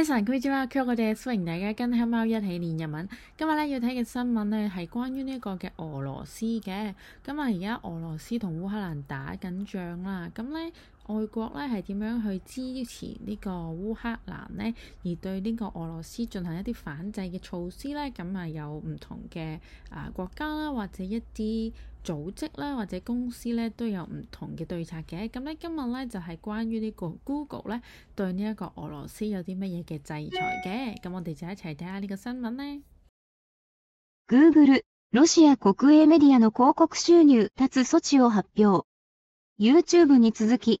大家好，我哋歡迎大家跟黑貓一起練日文。今日咧要睇嘅新聞咧係關於呢個嘅俄羅斯嘅。咁啊而家俄羅斯同烏克蘭打緊仗啦，咁咧。外國咧係點樣去支持呢個烏克蘭呢？而對呢個俄羅斯進行一啲反制嘅措施呢？咁、嗯、啊有唔同嘅啊、呃、國家啦，或者一啲組織啦，或者公司呢都有唔同嘅對策嘅。咁、嗯、呢，今、就、日、是、呢就係關於呢個 Google 咧對呢一個俄羅斯有啲乜嘢嘅制裁嘅。咁、嗯嗯、我哋就一齊睇下呢個新聞呢。Google，ロシア國営メディアの広告収入奪う措置を発表。YouTube に続き。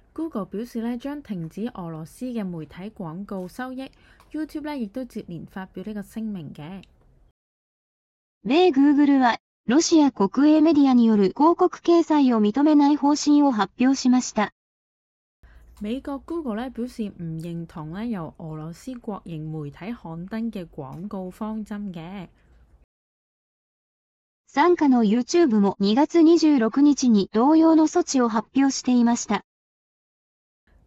Google 表示咧將停止俄羅斯嘅媒體廣告收益，YouTube 咧亦都接連發表呢個聲明嘅。米 Google はロシア國営媒體による広告掲載を認めない方針を発表しました。美國 Google 咧表示唔認同咧由俄羅斯國營媒體刊登嘅廣告方針嘅。傘下の YouTube も2月26日に同様の措置を発表していました。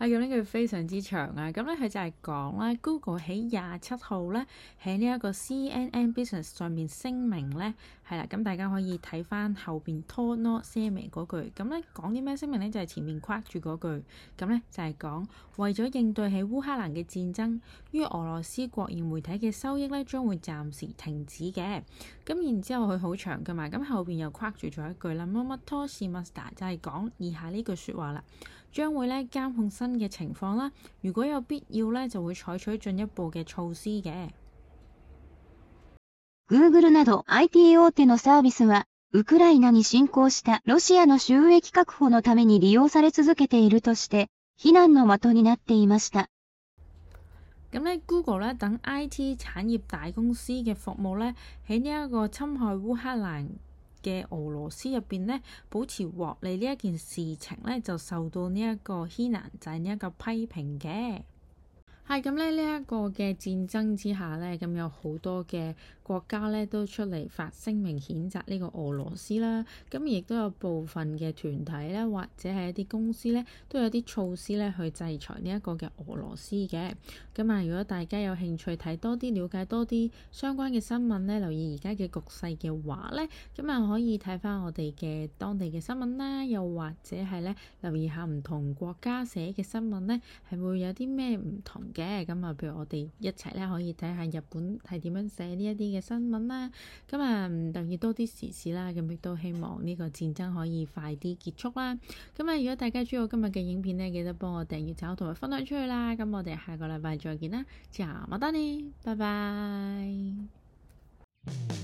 啊！呢句非常之長啊！咁咧，佢就係講啦。Google 喺廿七號咧，喺呢一個 CNN Business 上面聲明咧，係啦，咁大家可以睇返後邊 Tornot 聲明嗰句。咁咧講啲咩聲明咧？就係、是、前面誇住嗰句。咁咧就係講為咗應對喺烏克蘭嘅戰爭，於俄羅斯國營媒體嘅收益咧將會暫時停止嘅。咁然之後佢好長嘅嘛，咁後邊又誇住咗一句啦，乜乜 Tornomaster 就係、是、講以下呢句説話啦。將會呢監控新嘅情況啦，如果有必要呢，就會採取進一步嘅措施嘅。Google 等 IT 產業大公司嘅服務呢，喺呢一個侵害烏克蘭嘅俄羅斯入邊咧，保持獲利呢一件事情咧，就受到呢一個希南仔呢一個批評嘅。係咁咧， 呢一、這個嘅戰爭之下咧，咁有好多嘅。國家咧都出嚟發聲明譴責呢個俄羅斯啦，咁亦都有部分嘅團體咧，或者係一啲公司咧，都有啲措施咧去制裁呢一個嘅俄羅斯嘅。咁啊，如果大家有興趣睇多啲了解多啲相關嘅新聞咧，留意而家嘅局勢嘅話咧，咁啊可以睇返我哋嘅當地嘅新聞啦，又或者係咧留意下唔同國家寫嘅新聞咧，係會有啲咩唔同嘅。咁啊，譬如我哋一齊咧可以睇下日本係點樣寫呢一啲嘅。新聞啦，咁啊，特意多啲時事啦，咁亦都希望呢個戰爭可以快啲結束啦。咁啊，如果大家中意我今日嘅影片呢，記得幫我訂閱，同埋分享出去啦。咁我哋下個禮拜再見啦，謝啊 m a 拜拜。嗯